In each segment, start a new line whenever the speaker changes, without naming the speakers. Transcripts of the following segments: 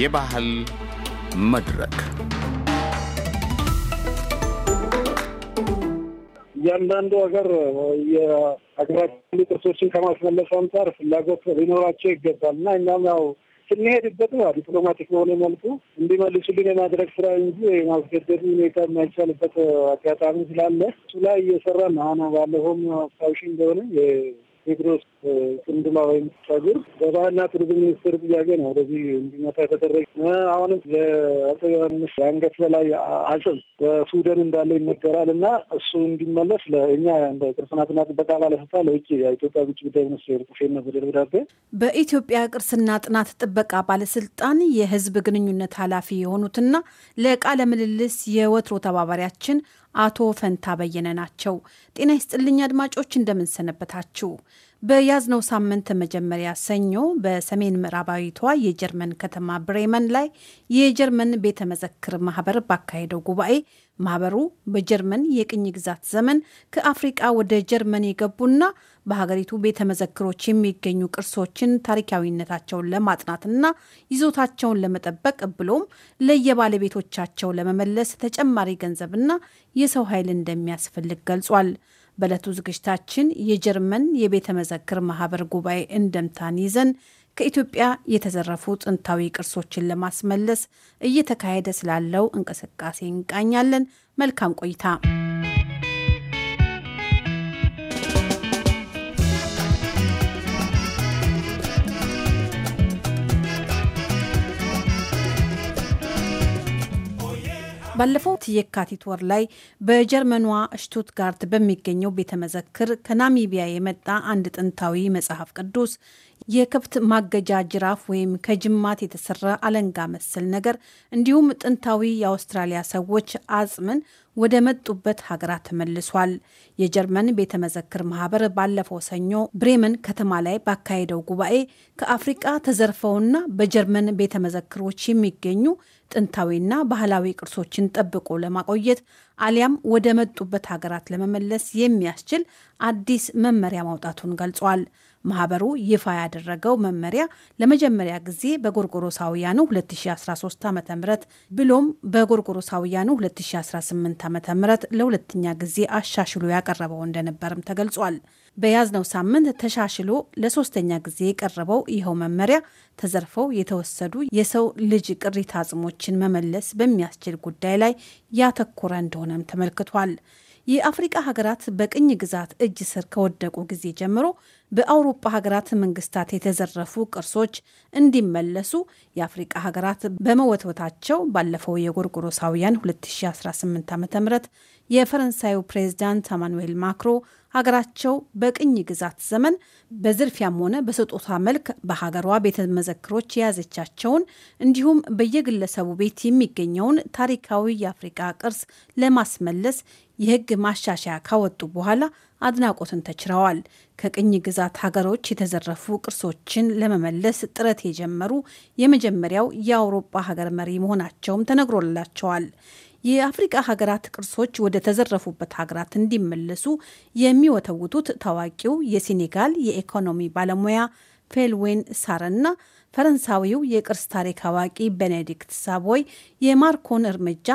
የባህል መድረክ
እያንዳንዱ ሀገር የሀገራችን ቅርሶችን ከማስመለስ አንጻር ፍላጎት ሊኖራቸው ይገባል እና እኛም ያው ስንሄድበት ዲፕሎማቲክ በሆነ መልኩ እንዲመልሱልን የማድረግ ስራ እንጂ የማስገደድ ሁኔታ የማይቻልበት አጋጣሚ ስላለ እሱ ላይ እየሰራ ነው። አሁን ባለፈውም አስታውሽ እንደሆነ ቴድሮስ ቅንድማ ወይም ጸጉር በባህልና ቱሪዝም ሚኒስቴር ጥያቄ ነው ወደዚህ እንዲመጣ የተደረገ። አሁንም ለአፄ ዮሐንስ የአንገት በላይ አጽም በሱደን እንዳለ ይነገራል እና እሱ እንዲመለስ ለእኛ እንደ ቅርስና ጥበቃ ባለስልጣን ለውጭ የኢትዮጵያ ውጭ ጉዳይ ሚኒስቴር ጽፌ ነበር ደብዳቤ።
በኢትዮጵያ ቅርስና ጥናት ጥበቃ ባለስልጣን የህዝብ ግንኙነት ኃላፊ የሆኑትና ለቃለ ምልልስ የወትሮ ተባባሪያችን አቶ ፈንታ በየነ ናቸው። ጤና ይስጥልኝ አድማጮች፣ እንደምንሰነበታችሁ። በያዝነው ሳምንት መጀመሪያ ሰኞ በሰሜን ምዕራባዊቷ የጀርመን ከተማ ብሬመን ላይ የጀርመን ቤተ መዘክር ማህበር ባካሄደው ጉባኤ ማህበሩ በጀርመን የቅኝ ግዛት ዘመን ከአፍሪቃ ወደ ጀርመን የገቡና በሀገሪቱ ቤተ መዘክሮች የሚገኙ ቅርሶችን ታሪካዊነታቸውን ለማጥናትና ይዞታቸውን ለመጠበቅ ብሎም ለየባለቤቶቻቸው ለመመለስ ተጨማሪ ገንዘብና የሰው ኃይል እንደሚያስፈልግ ገልጿል። በዕለቱ ዝግጅታችን የጀርመን የቤተ መዘክር ማህበር ጉባኤ እንደምታን ይዘን ከኢትዮጵያ የተዘረፉ ጥንታዊ ቅርሶችን ለማስመለስ እየተካሄደ ስላለው እንቅስቃሴ እንቃኛለን። መልካም ቆይታ። ባለፈው የካቲት ወር ላይ በጀርመኗ ሽቱትጋርት በሚገኘው ቤተ መዘክር ከናሚቢያ የመጣ አንድ ጥንታዊ መጽሐፍ ቅዱስ የከብት ማገጃ ጅራፍ ወይም ከጅማት የተሰራ አለንጋ መሰል ነገር እንዲሁም ጥንታዊ የአውስትራሊያ ሰዎች አጽምን ወደ መጡበት ሀገራት ተመልሷል። የጀርመን ቤተ መዘክር ማህበር ባለፈው ሰኞ ብሬመን ከተማ ላይ ባካሄደው ጉባኤ ከአፍሪቃ ተዘርፈውና በጀርመን ቤተ መዘክሮች የሚገኙ ጥንታዊና ባህላዊ ቅርሶችን ጠብቆ ለማቆየት አሊያም ወደ መጡበት ሀገራት ለመመለስ የሚያስችል አዲስ መመሪያ ማውጣቱን ገልጿል። ማህበሩ ይፋ ያደረገው መመሪያ ለመጀመሪያ ጊዜ በጎርጎሮሳውያኑ 2013 ዓ ም ብሎም በጎርጎሮሳውያኑ 2018 ዓ ም ለሁለተኛ ጊዜ አሻሽሎ ያቀረበው እንደነበርም ተገልጿል። በያዝነው ሳምንት ተሻሽሎ ለሶስተኛ ጊዜ የቀረበው ይኸው መመሪያ ተዘርፈው የተወሰዱ የሰው ልጅ ቅሪተ አጽሞችን መመለስ በሚያስችል ጉዳይ ላይ ያተኮረ እንደሆነም ተመልክቷል። የአፍሪቃ ሀገራት በቅኝ ግዛት እጅ ስር ከወደቁ ጊዜ ጀምሮ በአውሮፓ ሀገራት መንግስታት የተዘረፉ ቅርሶች እንዲመለሱ የአፍሪቃ ሀገራት በመወትወታቸው ባለፈው የጎርጎሮሳውያን 2018 ዓ ም የፈረንሳዩ ፕሬዝዳንት አማኑኤል ማክሮ ሀገራቸው በቅኝ ግዛት ዘመን በዝርፊያም ሆነ በስጦታ መልክ በሀገሯ ቤተ መዘክሮች የያዘቻቸውን እንዲሁም በየግለሰቡ ቤት የሚገኘውን ታሪካዊ የአፍሪቃ ቅርስ ለማስመለስ የሕግ ማሻሻያ ካወጡ በኋላ አድናቆትን ተችረዋል። ከቅኝ ግዛት ሀገሮች የተዘረፉ ቅርሶችን ለመመለስ ጥረት የጀመሩ የመጀመሪያው የአውሮፓ ሀገር መሪ መሆናቸውም ተነግሮላቸዋል። የአፍሪቃ ሀገራት ቅርሶች ወደ ተዘረፉበት ሀገራት እንዲመለሱ የሚወተውቱት ታዋቂው የሴኔጋል የኢኮኖሚ ባለሙያ ፌልዌን ሳረና ፈረንሳዊው የቅርስ ታሪክ አዋቂ ቤኔዲክት ሳቦይ የማርኮን እርምጃ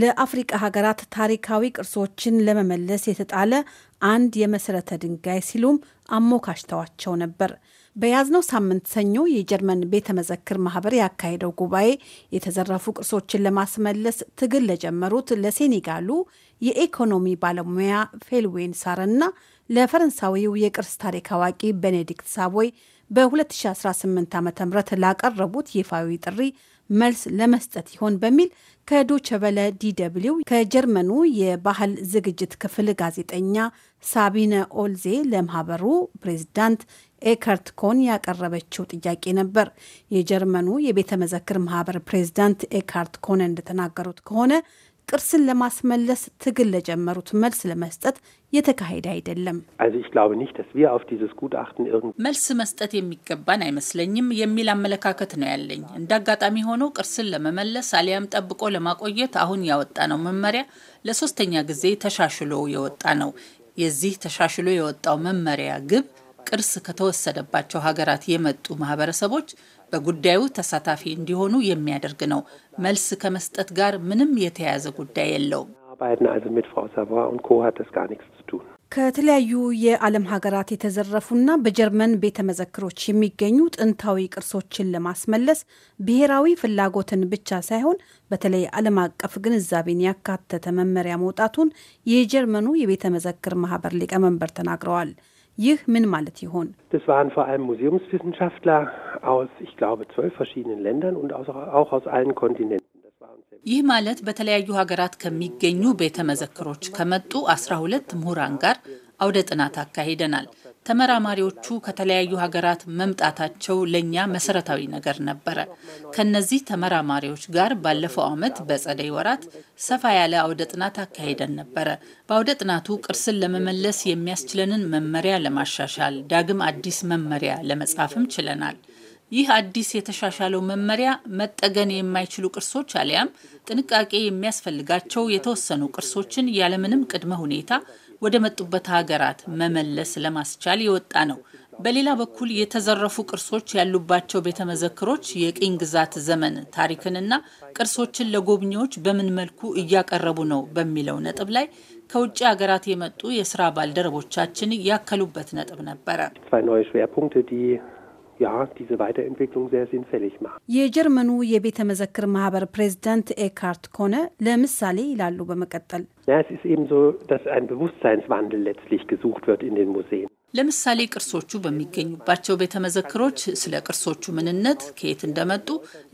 ለአፍሪቃ ሀገራት ታሪካዊ ቅርሶችን ለመመለስ የተጣለ አንድ የመሰረተ ድንጋይ ሲሉም አሞካሽተዋቸው ነበር። በያዝነው ሳምንት ሰኞ የጀርመን ቤተ መዘክር ማህበር ያካሄደው ጉባኤ የተዘረፉ ቅርሶችን ለማስመለስ ትግል ለጀመሩት ለሴኔጋሉ የኢኮኖሚ ባለሙያ ፌልዌን ሳርና ለፈረንሳዊው የቅርስ ታሪክ አዋቂ ቤኔዲክት ሳቦይ በ2018 ዓ ም ላቀረቡት ይፋዊ ጥሪ መልስ ለመስጠት ይሆን በሚል ከዶቸበለ ዲደብሊው ከጀርመኑ የባህል ዝግጅት ክፍል ጋዜጠኛ ሳቢነ ኦልዜ ለማህበሩ ፕሬዝዳንት ኤከርት ኮን ያቀረበችው ጥያቄ ነበር። የጀርመኑ የቤተ መዘክር ማህበር ፕሬዝዳንት ኤካርት ኮን እንደተናገሩት ከሆነ ቅርስን ለማስመለስ ትግል ለጀመሩት መልስ ለመስጠት የተካሄደ አይደለም።
መልስ መስጠት የሚገባን አይመስለኝም የሚል አመለካከት ነው ያለኝ። እንደ አጋጣሚ ሆኖ ቅርስን ለመመለስ አሊያም ጠብቆ ለማቆየት አሁን ያወጣ ነው መመሪያ ለሶስተኛ ጊዜ ተሻሽሎ የወጣ ነው። የዚህ ተሻሽሎ የወጣው መመሪያ ግብ ቅርስ ከተወሰደባቸው ሀገራት የመጡ ማህበረሰቦች በጉዳዩ ተሳታፊ እንዲሆኑ የሚያደርግ ነው። መልስ ከመስጠት ጋር ምንም የተያያዘ ጉዳይ የለውም።
too.
ከተለያዩ የዓለም ሀገራት የተዘረፉና በጀርመን ቤተ መዘክሮች የሚገኙ ጥንታዊ ቅርሶችን ለማስመለስ ብሔራዊ ፍላጎትን ብቻ ሳይሆን በተለይ ዓለም አቀፍ ግንዛቤን ያካተተ መመሪያ መውጣቱን የጀርመኑ የቤተ መዘክር ማህበር ሊቀመንበር ተናግረዋል። ይህ ምን ማለት ይሆን?
Das waren vor allem Museumswissenschaftler aus, ich glaube, zwölf verschiedenen Ländern und auch aus allen Kontinenten.
ይህ ማለት በተለያዩ ሀገራት ከሚገኙ ቤተ መዘክሮች ከመጡ 12 ምሁራን ጋር አውደ ጥናት አካሂደናል። ተመራማሪዎቹ ከተለያዩ ሀገራት መምጣታቸው ለእኛ መሰረታዊ ነገር ነበረ። ከነዚህ ተመራማሪዎች ጋር ባለፈው ዓመት በጸደይ ወራት ሰፋ ያለ አውደ ጥናት አካሂደን ነበረ። በአውደ ጥናቱ ቅርስን ለመመለስ የሚያስችለንን መመሪያ ለማሻሻል ዳግም አዲስ መመሪያ ለመጻፍም ችለናል። ይህ አዲስ የተሻሻለው መመሪያ መጠገን የማይችሉ ቅርሶች አሊያም ጥንቃቄ የሚያስፈልጋቸው የተወሰኑ ቅርሶችን ያለምንም ቅድመ ሁኔታ ወደ መጡበት ሀገራት መመለስ ለማስቻል የወጣ ነው። በሌላ በኩል የተዘረፉ ቅርሶች ያሉባቸው ቤተ መዘክሮች የቅኝ ግዛት ዘመን ታሪክንና ቅርሶችን ለጎብኚዎች በምን መልኩ እያቀረቡ ነው በሚለው ነጥብ ላይ ከውጭ ሀገራት የመጡ የስራ ባልደረቦቻችን ያከሉበት ነጥብ ነበረ።
ja, diese Weiterentwicklung sehr sinnfällig macht.
የጀርመኑ የቤተ መዘክር ማህበር ፕሬዚዳንት ኤካርት ኮነ ለምሳሌ ይላሉ በመቀጠል
Ja, es ist eben so, dass ein Bewusstseinswandel letztlich gesucht wird in den Museen.
ለምሳሌ
ቅርሶቹ በሚገኙባቸው ቤተመዘክሮች ስለ ቅርሶቹ ምንነት፣ ከየት እንደመጡ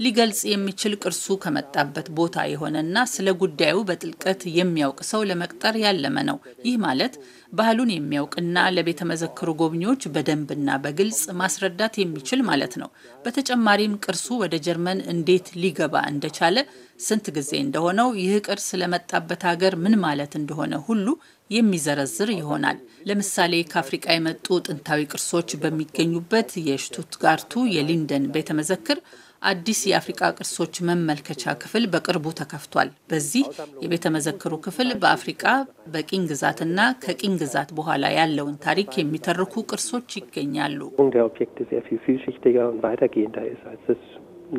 ሊገልጽ የሚችል ቅርሱ ከመጣበት ቦታ የሆነና ስለ ጉዳዩ በጥልቀት የሚያውቅ ሰው ለመቅጠር ያለመ ነው። ይህ ማለት ባህሉን የሚያውቅና ለቤተመዘክሩ ጎብኚዎች በደንብና በግልጽ ማስረዳት የሚችል ማለት ነው። በተጨማሪም ቅርሱ ወደ ጀርመን እንዴት ሊገባ እንደቻለ፣ ስንት ጊዜ እንደሆነው፣ ይህ ቅርስ ለመጣበት ሀገር ምን ማለት እንደሆነ ሁሉ የሚዘረዝር ይሆናል። ለምሳሌ ከአፍሪቃ የመጡ ጥንታዊ ቅርሶች በሚገኙበት የሽቱትጋርቱ የሊንደን ቤተ መዘክር አዲስ የአፍሪቃ ቅርሶች መመልከቻ ክፍል በቅርቡ ተከፍቷል። በዚህ የቤተ መዘክሩ ክፍል በአፍሪቃ በቅኝ ግዛትና ከቅኝ ግዛት በኋላ ያለውን ታሪክ የሚተርኩ ቅርሶች ይገኛሉ።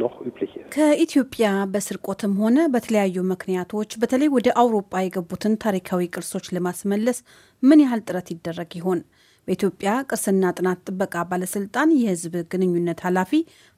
noch üblich
ist። ከኢትዮጵያ በስርቆትም ሆነ በተለያዩ ምክንያቶች በተለይ ወደ አውሮፓ የገቡትን ታሪካዊ ቅርሶች ለማስመለስ ምን ያህል ጥረት ይደረግ ይሆን? በኢትዮጵያ ቅርስና ጥናት ጥበቃ ባለስልጣን የሕዝብ ግንኙነት ኃላፊ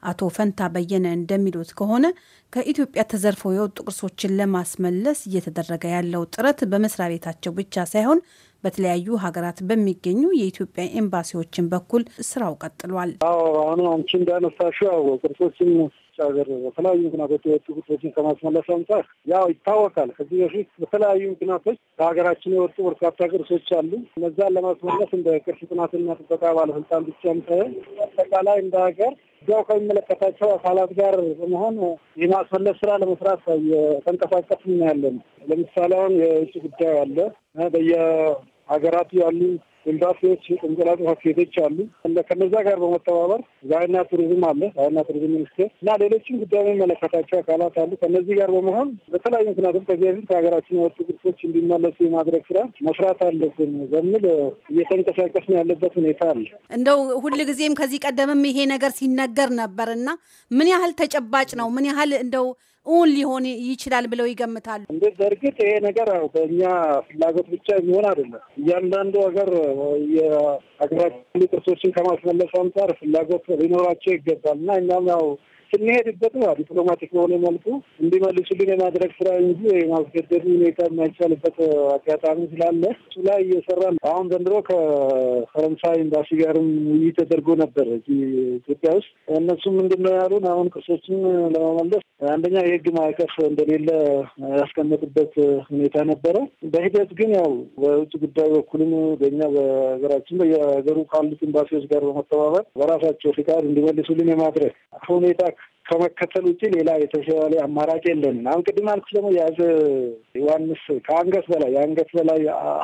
አቶ ፈንታ በየነ እንደሚሉት ከሆነ ከኢትዮጵያ ተዘርፈው የወጡ ቅርሶችን ለማስመለስ እየተደረገ ያለው ጥረት በመስሪያ ቤታቸው ብቻ ሳይሆን በተለያዩ ሀገራት በሚገኙ የኢትዮጵያ ኤምባሲዎችን በኩል ስራው ቀጥሏል።
አዎ አሁን አንቺ እንዳነሳሽው ያው ቅርሶችን ከውጭ ሀገር በተለያዩ ምክንያቶች የወጡ ጉዳዮችን ከማስመለስ አንጻር ያው ይታወቃል። ከዚህ በፊት በተለያዩ ምክንያቶች ከሀገራችን የወጡ በርካታ ቅርሶች አሉ። እነዛን ለማስመለስ እንደ ቅርስ ጥናትና ጥበቃ ባለስልጣን ብቻም ሳይሆን አጠቃላይ እንደ ሀገር እዚያው ከሚመለከታቸው አካላት ጋር በመሆን የማስመለስ ስራ ለመስራት እየተንቀሳቀስን ያለን። ለምሳሌ አሁን የውጭ ጉዳይ አለ በየሀገራቱ ያሉ ኤምባሲዎች የቆንጽላ ጽሕፈት ቤቶች አሉ። ከነዛ ጋር በመተባበር ባህልና ቱሪዝም አለ፣ ባህልና ቱሪዝም ሚኒስቴር እና ሌሎችም ጉዳዩ የሚመለከታቸው አካላት አሉ። ከነዚህ ጋር በመሆን በተለያዩ ምክንያቱም ከዚህ በፊት ከሀገራችን የወጡ ግጭቶች እንዲመለሱ የማድረግ ስራ መስራት አለብን በሚል እየተንቀሳቀስ ነው ያለበት ሁኔታ አለ።
እንደው ሁል ጊዜም ከዚህ ቀደምም ይሄ ነገር ሲነገር ነበር እና ምን ያህል ተጨባጭ ነው? ምን ያህል እንደው እውን ሊሆን ይችላል ብለው ይገምታሉ?
እንዴት? በእርግጥ ይሄ ነገር በእኛ ፍላጎት ብቻ የሚሆን አይደለም። እያንዳንዱ ሀገር የሀገራችን ቅርሶችን ከማስመለስ አንጻር ፍላጎት ሊኖራቸው ይገባል እና እኛም ያው ስንሄድበት ነው ዲፕሎማቲክ በሆነ መልኩ እንዲመልሱልን የማድረግ ስራ እንጂ የማስገደድ ሁኔታ የማይቻልበት አጋጣሚ ስላለ እሱ ላይ እየሰራ አሁን ዘንድሮ ከፈረንሳይ ኤምባሲ ጋርም ውይይት ተደርጎ ነበር ኢትዮጵያ ውስጥ። እነሱም ምንድነው ያሉን አሁን ቅርሶችን ለመመለስ አንደኛ የህግ ማዕቀፍ እንደሌለ ያስቀመጡበት ሁኔታ ነበረ። በሂደት ግን ያው በውጭ ጉዳይ በኩልም በኛ በሀገራችን በየሀገሩ ካሉት ኤምባሲዎች ጋር በመተባበር በራሳቸው ፍቃድ እንዲመልሱልን የማድረግ ሁኔታ ከመከተል ውጭ ሌላ የተሻለ አማራጭ የለንም። አሁን ቅድም አልኩሽ ደግሞ የያዘ ዮሐንስ ከአንገት በላይ የአንገት በላይ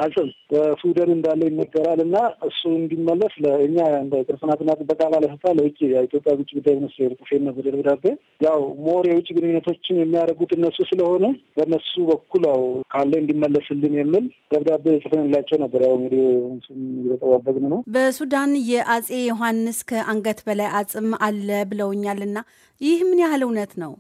አጽም በሱደን እንዳለ ይነገራል እና እሱ እንዲመለስ ለእኛ እንደ ቅርስናትና ጥበቃ ባለስልጣን ለውጭ የኢትዮጵያ ውጭ ጉዳይ ሚኒስቴር ጽፌና በደብዳቤ ያው ሞር የውጭ ግንኙነቶችን የሚያደርጉት እነሱ ስለሆነ በእነሱ በኩል ያው ካለ እንዲመለስልን የሚል ደብዳቤ ጽፈንላቸው ነበር። ያው እንግዲህ እየተጠባበቅን ነው።
በሱዳን የአጼ ዮሐንስ ከአንገት በላይ አጽም አለ ብለውኛል እና ይህ ምን ያህል እውነት ነው?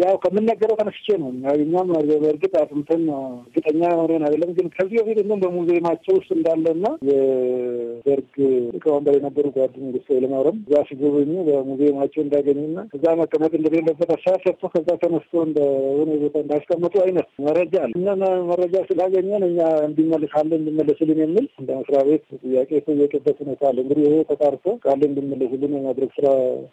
ያው ከምነገረው ተነስቼ ነው። እኛም በእርግጥ አጥንተን እርግጠኛ ሆነን አይደለም፣ ግን ከዚህ በፊት እንደም በሙዚየማቸው ውስጥ እንዳለና የደርግ ሊቀመንበር የነበሩ ጓደኛ ጉሳ ለማውረም እዛ ሲጎበኙ በሙዚየማቸው እንዳገኙና እዛ መቀመጥ እንደሌለበት አሳ ሰጥቶ ከዛ ተነስቶ እንደሆነ ቦታ እንዳስቀመጡ አይነት መረጃ አለ እና መረጃ ስላገኘን እኛ እንዲመልሳለን እንዲመለስልን የሚል እንደ መስሪያ ቤት ጥያቄ የተጠየቀበት ሁኔታ አለ። እንግዲህ ይሄ ተጣርቶ ቃል እንዲመለስልን የማድረግ ስራ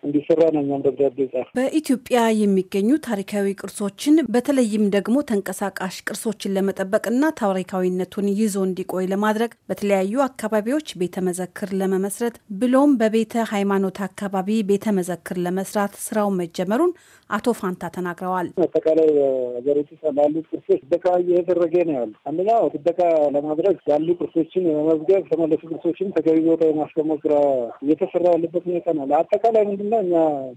እንዲሰራ ነው እኛም ደብዳቤ ጻፍ
በኢትዮጵያ የሚገኙ ታሪካዊ ቅርሶችን በተለይም ደግሞ ተንቀሳቃሽ ቅርሶችን ለመጠበቅና ታሪካዊነቱን ይዞ እንዲቆይ ለማድረግ በተለያዩ አካባቢዎች ቤተ መዘክር ለመመስረት ብሎም በቤተ ሃይማኖት አካባቢ ቤተ መዘክር ለመስራት ስራው መጀመሩን አቶ ፋንታ ተናግረዋል።
አጠቃላይ ሀገሪቱ ላሉት ቅርሶች ጥበቃ እየተደረገ ነው ያሉ፣ አንደኛው ጥበቃ ለማድረግ ያሉ ቅርሶችን የመመዝገብ ተመለሱ ቅርሶችን ተገቢ ቦታ የማስቀመጥ ስራ እየተሰራ ያለበት ሁኔታ ነው። ለአጠቃላይ ምንድነው እኛ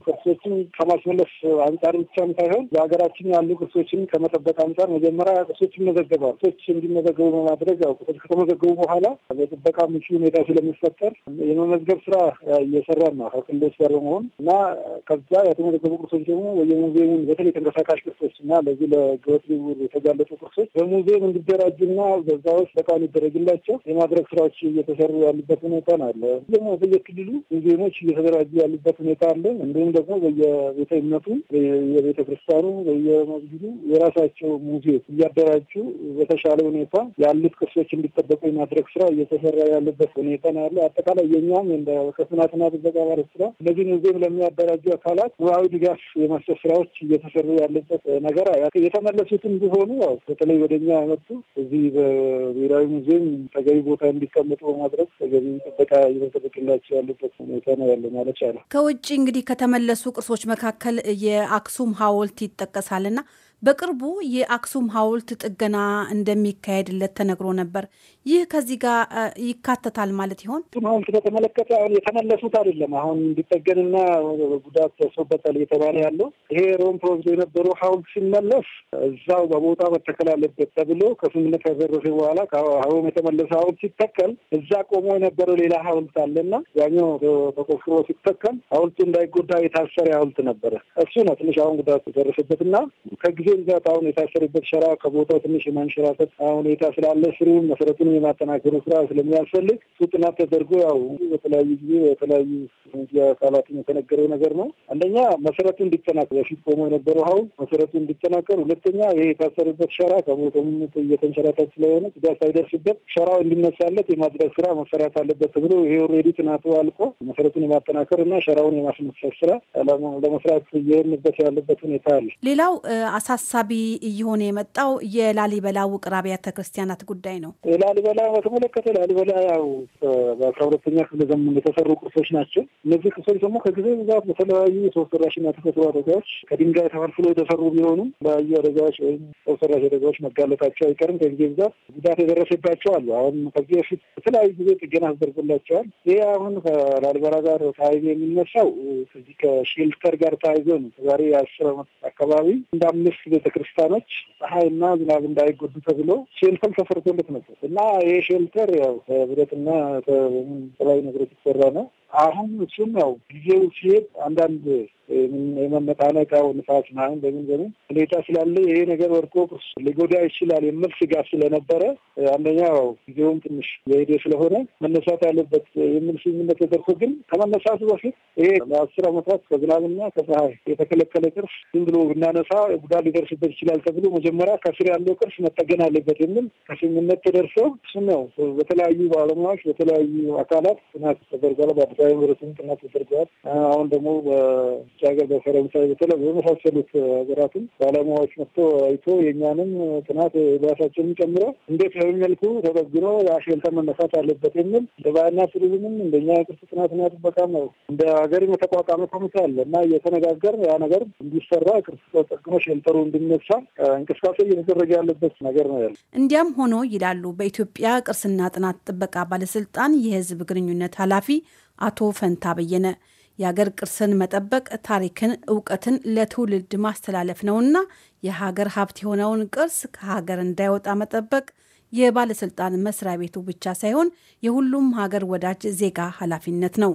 ቅርሶችን ከማስመለስ አንጻር ብቻም ሳይሆን በሀገራችን ያሉ ቅርሶችን ከመጠበቅ አንጻር መጀመሪያ ቅርሶች ይመዘገባል። ቅርሶች እንዲመዘገቡ በማድረግ ያው ቅርሶች ከተመዘገቡ በኋላ በጥበቃ ምቹ ሁኔታ ስለሚፈጠር የመመዝገብ ስራ እየሰራን ነው ከክልሎች ጋር በመሆን እና ከዛ የተመዘገቡ ቅርሶች ደግሞ በየሙዚየሙን በተለይ ተንቀሳቃሽ ቅርሶች እና ለዚህ ለግበት ዝውውር የተጋለጡ ቅርሶች በሙዚየም እንዲደራጁ እንዲደራጁና በዛ ውስጥ በቃ እንዲደረግላቸው የማድረግ ስራዎች እየተሰሩ ያሉበት ሁኔታ ነው አለ ደግሞ በየክልሉ ሙዚየሞች እየተደራጁ ያሉበት ሁኔታ አለ እንዲሁም ደግሞ ቤተ እምነቱ፣ የቤተ ክርስቲያኑ፣ በየመስጊዱ የራሳቸው ሙዚየም እያደራጁ በተሻለ ሁኔታ ያሉት ቅርሶች እንዲጠበቁ የማድረግ ስራ እየተሰራ ያለበት ሁኔታ ነው ያለ። አጠቃላይ የኛም እንደ ከጥናትና ጥበቃ ባለት ስራ እነዚህን ሙዚየም ለሚያደራጁ አካላት ሙያዊ ድጋፍ የመስጠት ስራዎች እየተሰሩ ያለበት ነገር የተመለሱትም ቢሆኑ ያው በተለይ ወደኛ መጡ እዚህ በብሔራዊ ሙዚየም ተገቢ ቦታ እንዲቀመጡ በማድረግ ተገቢ ጥበቃ እየተጠበቅላቸው ያለበት ሁኔታ ነው ያለ ማለት ቻለ።
ከውጭ እንግዲህ ከተመለሱ ቅርሶች መካከል የአክሱም ሐውልት ይጠቀሳልና በቅርቡ የአክሱም ሐውልት ጥገና እንደሚካሄድለት ተነግሮ ነበር። ይህ ከዚህ ጋር ይካተታል ማለት ይሆን? አክሱም ሐውልት በተመለከተ አሁን
የተመለሱት አይደለም። አሁን እንዲጠገንና ጉዳት ደርሶበታል እየተባለ ያለው ይሄ ሮም ተወስዶ የነበረው ሐውልት ሲመለስ እዛው በቦታ መተከል አለበት ተብሎ ከስምምነት ከደረሰ በኋላ ከሮም የተመለሰ ሐውልት ሲተከል እዛ ቆሞ የነበረው ሌላ ሐውልት አለና ያኛው ተቆፍሮ ሲተከል ሐውልቱ እንዳይጎዳ የታሰረ ሐውልት ነበረ። እሱ ነው ትንሽ አሁን ጉዳት ደረሰበትና ከጊዜ ጊዜ ብዛት አሁን የታሰሩበት ሸራ ከቦታው ትንሽ የማንሸራተት ሁኔታ ስላለ ስሩ መሰረቱን የማጠናከሩ ስራ ስለሚያስፈልግ እሱ ጥናት ተደርጎ ያው በተለያዩ ጊዜ በተለያዩ ሚዲያ አካላት የተነገረው ነገር ነው። አንደኛ መሰረቱ እንዲጠናከር በፊት ቆሞ የነበረው ሀውል መሰረቱ እንዲጠናከር፣ ሁለተኛ ይሄ የታሰሩበት ሸራ ከቦታው እየተንሸራተት ስለሆነ ጉዳት ሳይደርስበት ሸራው እንዲነሳለት የማድረግ ስራ መሰራት አለበት ተብሎ ይሄ ኦልሬዲ ጥናቱ አልቆ መሰረቱን የማጠናከር እና ሸራውን የማስመሰል ስራ ለመስራት እየሄድንበት ያለበት ሁኔታ አለ።
ሌላው አሳ አሳሳቢ እየሆነ የመጣው የላሊበላ ውቅር አብያተ ክርስቲያናት ጉዳይ ነው።
የላሊበላ በተመለከተ ላሊበላ ያው በአስራ ሁለተኛ ክፍለ ዘመን የተሰሩ ቅርሶች ናቸው። እነዚህ ቅርሶች ደግሞ ከጊዜ ብዛት በተለያዩ ሰው ሰራሽና ተፈጥሮ አደጋዎች ከድንጋይ ተፈልፍሎ የተሰሩ ቢሆኑም በተለያዩ አደጋዎች ወይም ሰው ሰራሽ አደጋዎች መጋለጣቸው አይቀርም። ከጊዜ ብዛት ጉዳት የደረሰባቸው አሉ። አሁን ከዚህ በፊት በተለያዩ ጊዜ ጥገና ተደርጎላቸዋል። ይህ አሁን ከላሊበላ ጋር ተያይዞ የሚነሳው ከዚህ ከሼልተር ጋር ተያይዞ ነው። ዛሬ የአስር አመት አካባቢ እንደ አምስት ቤተ ክርስቲያኖች ፀሐይና ዝናብ እንዳይጎዱ ተብሎ ሼልተር ተሰርቶለት ነበር እና ይሄ ሼልተር ያው ብረትና ከተለያዩ ነገሮች የተሰራ ነው። አሁን እሱም ያው ጊዜው ሲሄድ አንዳንድ የመመጣነቃው ንፋስ ምናምን በምን በምን ሁኔታ ስላለ ይሄ ነገር ወድቆ ሊጎዳ ይችላል የሚል ስጋት ስለነበረ አንደኛ ያው ጊዜውም ትንሽ የሄደ ስለሆነ መነሳት አለበት የሚል ስምምነት ተደርሶ ግን ከመነሳቱ በፊት ይሄ ለአስር ዓመታት ከዝናብና ከፀሐይ የተከለከለ ቅርስ ዝም ብሎ ብናነሳ ጉዳት ሊደርስበት ይችላል ተብሎ መጀመሪያ ከስር ያለው ቅርስ መጠገን አለበት የሚል ከስምምነት ተደርሰው እሱም ያው በተለያዩ ባለሙያዎች በተለያዩ አካላት ጥናት ተደርጓል። በህብረቱም ጥናት ተደርገዋል። አሁን ደግሞ በውጭ ሀገር በፈረንሳይ በተለ በመሳሰሉት ሀገራትም ባለሙያዎች መጥቶ አይቶ የእኛንም ጥናት ራሳችንም ጨምሮ እንዴት በሚመልኩ መልኩ ተጠግኖ የአሸልታ መነሳት አለበት የሚል ለባህልና ቱሪዝምም እንደኛ የቅርስ ጥናትና ጥበቃ ነው እንደ ሀገር የተቋቋመ ኮሚቴ አለ እና እየተነጋገር ያ ነገር እንዲሰራ ቅርስ ተጠግኖ ሸልተሩ እንዲነሳ እንቅስቃሴ እየተደረገ ያለበት ነገር ነው ያለ።
እንዲያም ሆኖ ይላሉ በኢትዮጵያ ቅርስና ጥናት ጥበቃ ባለስልጣን የህዝብ ግንኙነት ኃላፊ አቶ ፈንታ በየነ የሀገር ቅርስን መጠበቅ ታሪክን፣ እውቀትን ለትውልድ ማስተላለፍ ነውና የሀገር ሀብት የሆነውን ቅርስ ከሀገር እንዳይወጣ መጠበቅ የባለስልጣን መስሪያ ቤቱ ብቻ ሳይሆን የሁሉም ሀገር ወዳጅ ዜጋ ኃላፊነት ነው።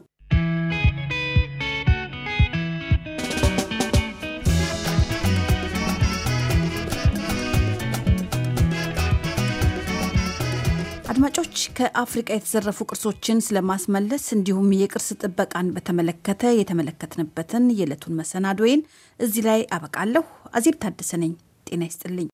አድማጮች ከአፍሪቃ የተዘረፉ ቅርሶችን ስለማስመለስ እንዲሁም የቅርስ ጥበቃን በተመለከተ የተመለከትንበትን የዕለቱን መሰናዶዬን እዚህ ላይ አበቃለሁ። አዜብ ታደሰ ነኝ። ጤና ይስጥልኝ።